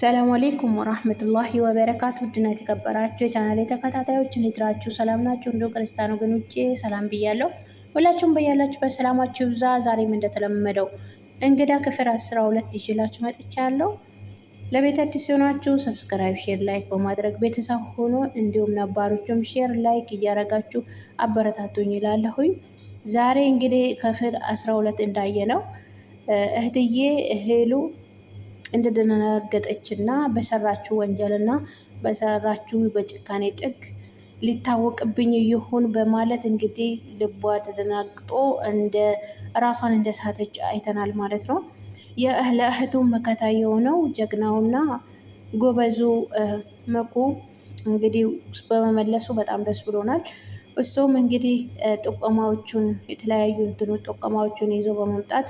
ሰላም አሌይኩም ወራህመቱላሂ ወበረካቱ። ውድና የተከበራችሁ የቻናሌ ተከታታዮች እንዴት ናችሁ? ሰላም ናችሁ? እንዲሁ ክርስቲያኑ ግን ውጭ ሰላም ብያለሁ። ሁላችሁም በያላችሁ በሰላማችሁ ብዛ። ዛሬም እንደተለመደው እንግዳ ክፍል አስራ ሁለት ይዤላችሁ መጥቻለሁ። ለቤት አዲስ ሲሆናችሁ ሰብስክራይብ፣ ሼር፣ ላይክ በማድረግ ቤተሰብ ሆኖ እንዲሁም ነባሮችም ሼር ላይክ እያረጋችሁ አበረታቱኝ ይላለሁኝ። ዛሬ እንግዲህ ክፍል አስራ ሁለት እንዳየ ነው እህትዬ እህሉ እንደደነገጠችና በሰራችሁ ወንጀልና በሰራችሁ በጭካኔ ጥግ ሊታወቅብኝ ይሁን በማለት እንግዲህ ልቧ ተደናግጦ እንደ ራሷን እንደሳተች አይተናል ማለት ነው። ለእህቱ መከታ የሆነው ጀግናውና ጎበዙ መኩ እንግዲህ በመመለሱ በጣም ደስ ብሎናል። እሱም እንግዲህ ጥቆማዎቹን የተለያዩ እንትኑ ጥቆማዎቹን ይዞ በመምጣት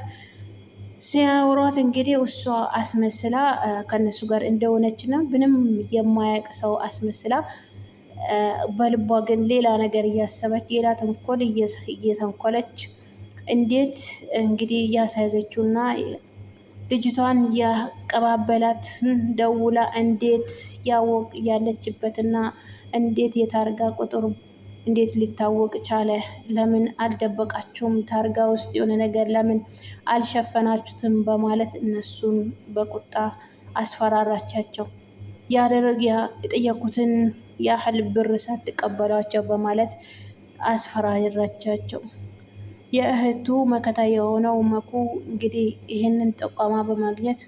ሲያወሯት እንግዲህ እሷ አስመስላ ከነሱ ጋር እንደሆነችና ምንም የማያውቅ ሰው አስመስላ በልቧ ግን ሌላ ነገር እያሰበች ሌላ ተንኮል እየተንኮለች እንዴት እንግዲህ እያሳያዘችውና ልጅቷን ያቀባበላት ደውላ እንዴት ያወቅ ያለችበትና እንዴት የታርጋ ቁጥር እንዴት ሊታወቅ ቻለ? ለምን አልደበቃችሁም? ታርጋ ውስጥ የሆነ ነገር ለምን አልሸፈናችሁትም? በማለት እነሱን በቁጣ አስፈራራቻቸው። ያደረግ የጠየኩትን ያህል ብር ሳትቀበሏቸው በማለት አስፈራራቻቸው። የእህቱ መከታ የሆነው መኩ እንግዲህ ይህንን ጠቋማ በማግኘት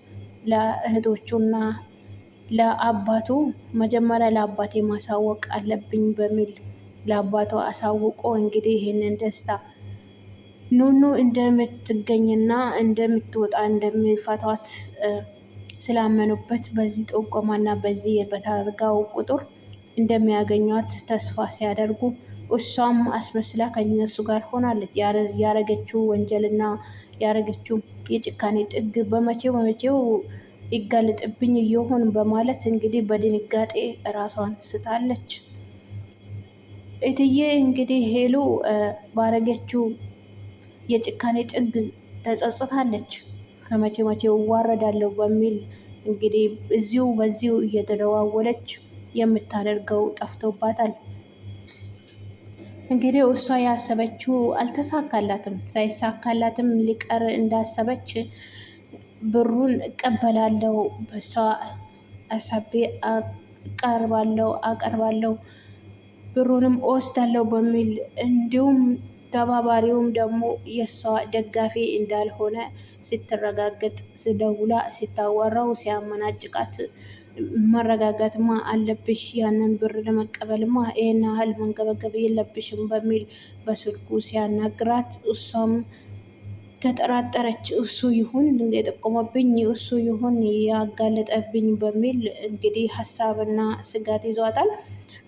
ለእህቶቹና ለአባቱ መጀመሪያ ለአባቴ ማሳወቅ አለብኝ በሚል ለአባቷ አሳውቆ እንግዲህ ይህንን ደስታ ኑኑ እንደምትገኝና እንደምትወጣ እንደሚፈቷት ስላመኑበት በዚህ ጥቆማና በዚህ በታርጋው ቁጥር እንደሚያገኟት ተስፋ ሲያደርጉ እሷም አስመስላ ከነሱ ጋር ሆናለች። ያረገችው ወንጀልና ያረገችው የጭካኔ ጥግ በመቼው በመቼው ይጋለጥብኝ እየሆን በማለት እንግዲህ በድንጋጤ ራሷን ስታለች። እትዬ እንግዲህ ሄሉ ባረገችው የጭካኔ ጥግ ተጸጽታለች። ከመቼ መቼ እዋረዳለሁ በሚል እንግዲህ እዚሁ በዚሁ እየተደዋወለች የምታደርገው ጠፍቶባታል። እንግዲህ እሷ ያሰበችው አልተሳካላትም። ሳይሳካላትም ሊቀር እንዳሰበች ብሩን እቀበላለሁ፣ በሷ አሳቤ አቀርባለሁ አቀርባለሁ ብሩንም እወስዳለሁ በሚል እንዲሁም ተባባሪውም ደግሞ የእሷ ደጋፊ እንዳልሆነ ስትረጋገጥ ስደውላ ስታወራው ሲያመናጭቃት መረጋጋትማ አለብሽ፣ ያንን ብር ለመቀበልማ ይህን ያህል መንገበገብ የለብሽም በሚል በስልኩ ሲያናግራት እሷም ተጠራጠረች። እሱ ይሁን የጠቆመብኝ፣ እሱ ይሁን ያጋለጠብኝ በሚል እንግዲህ ሀሳብና ስጋት ይዟታል።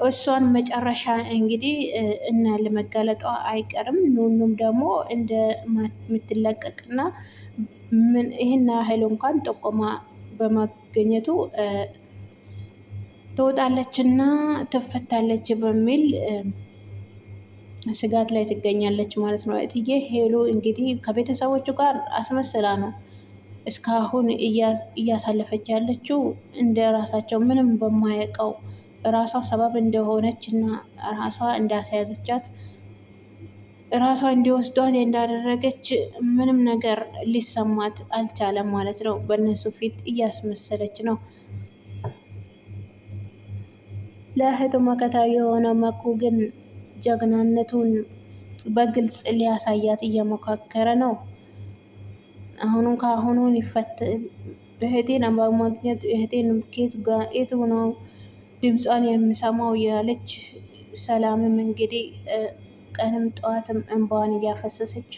እሷን መጨረሻ እንግዲህ እና ለመጋለጧ አይቀርም። ኑኑም ደግሞ እንደምትለቀቅና ምን ይህን ያህል እንኳን ጥቆማ በማገኘቱ ትወጣለችና ትፈታለች በሚል ስጋት ላይ ትገኛለች ማለት ነው። እትዬ ሄሉ እንግዲህ ከቤተሰቦቹ ጋር አስመስላ ነው እስካሁን እያሳለፈች ያለችው እንደ ራሳቸው ምንም በማያውቀው ራሷ ሰበብ እንደሆነች እና ራሷ እንዳስያዘቻት ራሷ እንዲወስዷት እንዳደረገች ምንም ነገር ሊሰማት አልቻለም ማለት ነው። በእነሱ ፊት እያስመሰለች ነው። ለእህቱ መከታ የሆነ መኩ ግን ጀግናነቱን በግልጽ ሊያሳያት እየሞካከረ ነው። አሁኑን ከአሁኑን ይፈት እህቴን በማግኘት እህቴን ኬት ጋ የቱ ነው ድምጿን የምሰማው ያለች ሰላምም እንግዲህ ቀንም ጠዋትም እንባዋን እያፈሰሰች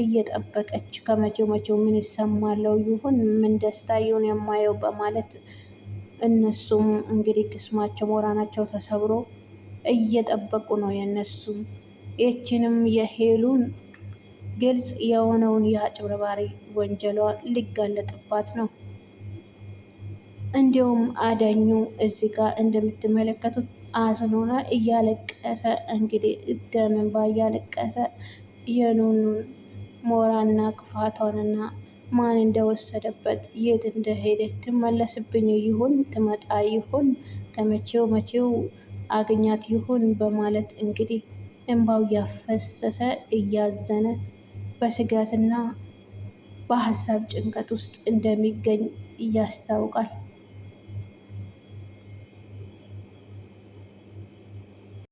እየጠበቀች ከመቼው መቼው ምን ይሰማለው ይሁን ምን ደስታ ይሁን የማየው በማለት እነሱም እንግዲህ ቅስማቸው ሞራናቸው ተሰብሮ እየጠበቁ ነው። የእነሱም ይችንም የሄሉን ግልጽ የሆነውን የአጭበርባሪ ወንጀሏ ሊጋለጥባት ነው። እንዲሁም አዳኙ እዚህ ጋር እንደምትመለከቱት አዝኖና እያለቀሰ እንግዲህ ደም እያለቀሰ የኑኑን ሞራና ክፋቷንና ማን እንደወሰደበት የት እንደሄደ ትመለስብኝ ይሁን ትመጣ ይሁን ከመቼው መቼው አግኛት ይሁን በማለት እንግዲህ እንባው እያፈሰሰ እያዘነ በስጋትና በሀሳብ ጭንቀት ውስጥ እንደሚገኝ እያስታውቃል።